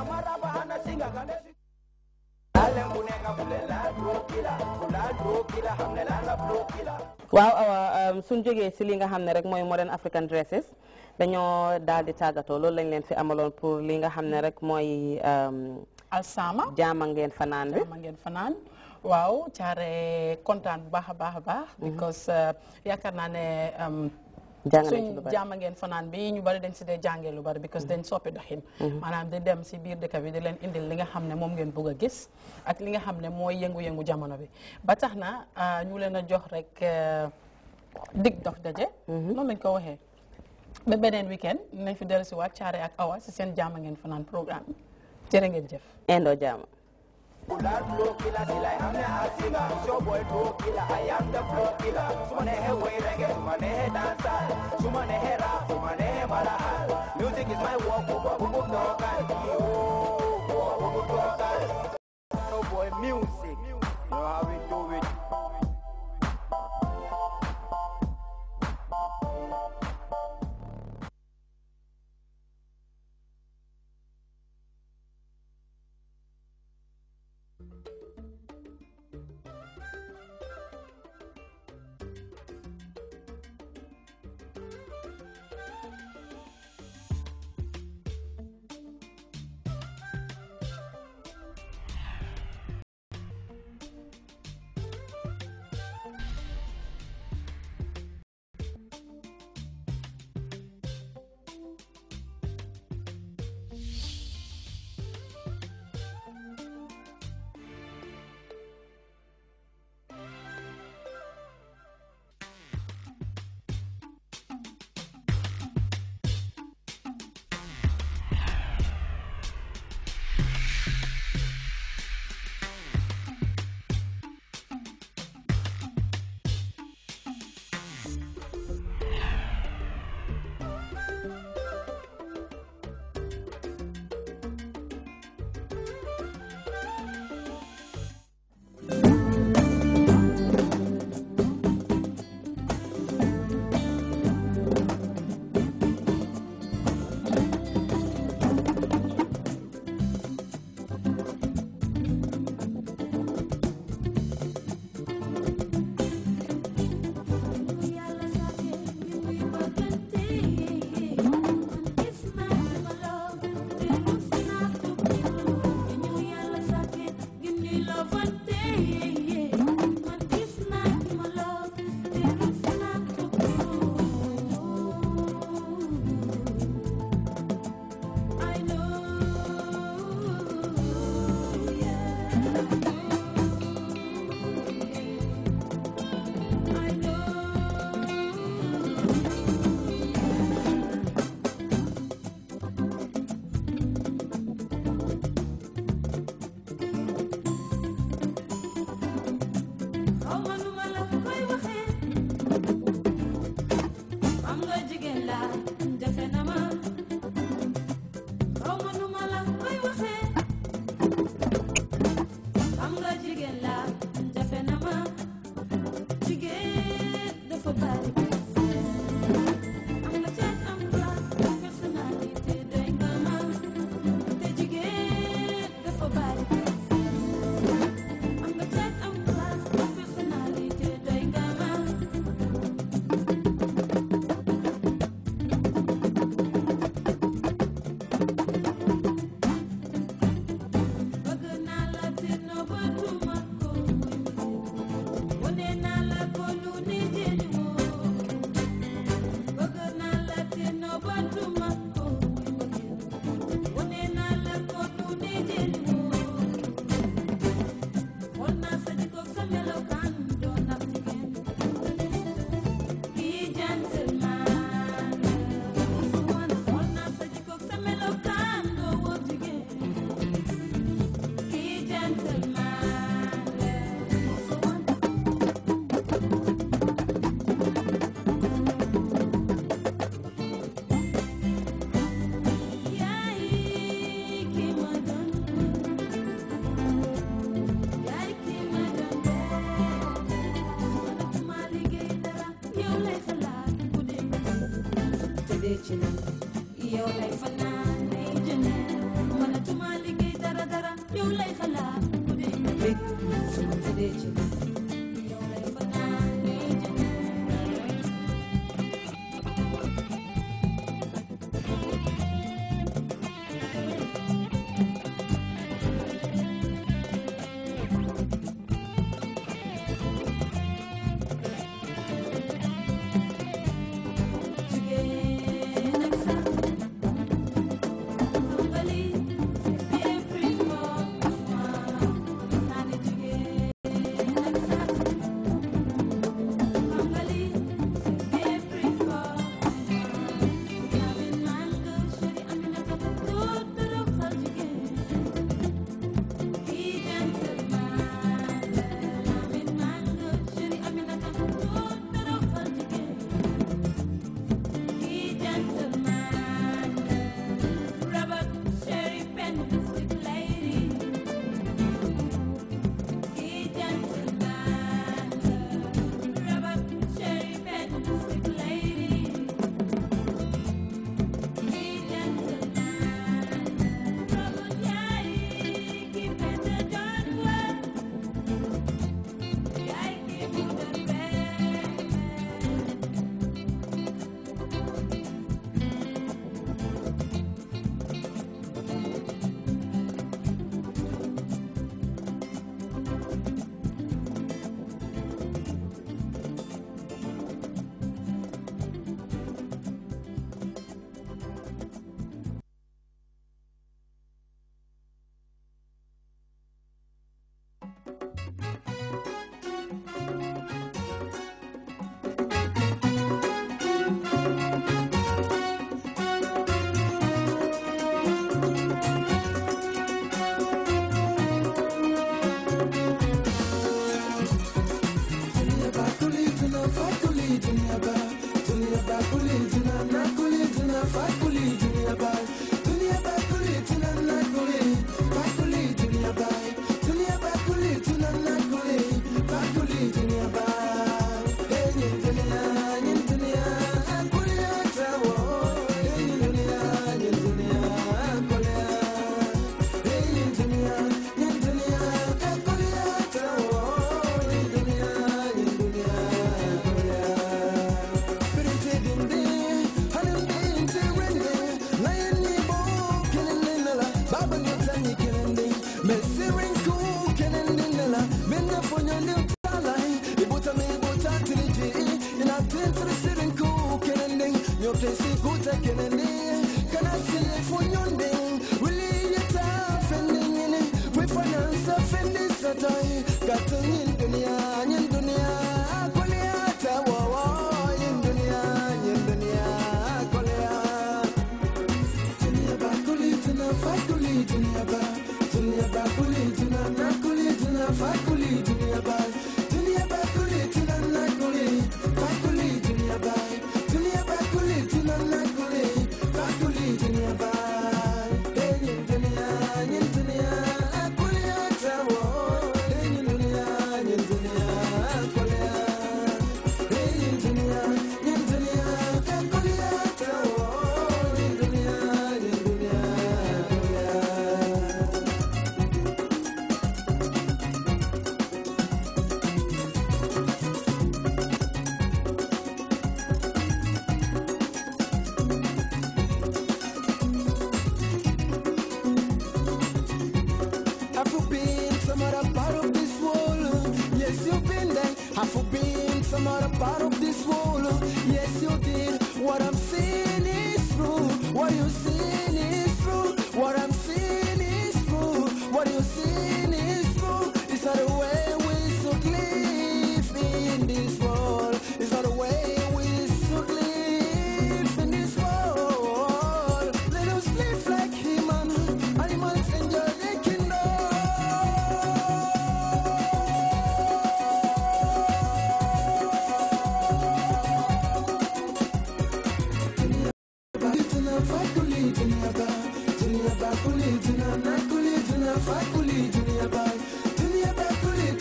amaraba hanasinga kandesi waaw awa suñ jógee si li nga xam ne rek mooy modern African dresses dañoo daal di tàggatoo loolu lañ leen fi amaloon pour li nga xam ne rek mooy. Um, alsama jaama ngeen fanaan bi ngeen fanaan waaw caare kontaan bu baax a baax a mhm. baax. because uh, yaakaar naa ne. Um, suñ jàmm ngeen fanaan bi ñu bari dañ si dee jàngee lu bari because dañ soppi doxin mm-hmm. maanaam di dem si biir dëkk bi di leen indil li nga xam ne ngeen bëgg gis ak li nga xam ne yëngu-yëngu jamono bi ba tax na ah, ñu leen a jox rek eh, dig dox daje mm-hmm. noonu lañ ko waxee ba beneen weekend nañ fi dellu si waat caare ak awa si seen jàmm ngeen programme jërë jëf indoo jàmm blood flow killer, still I am the singer. So boy flow killer, I am the flow killer. Sumanehe way reggae, sumanehe dancer, sumanehe rap, sumanehe malahal. Music is my work, bubu bubu tokan, yo, bubu bubu tokan. So boy music, know how we do jigéen la jafe na ma jigéen dafa bari kupatuma Got to need the from other part of this world. Yes, you did what I'm saying.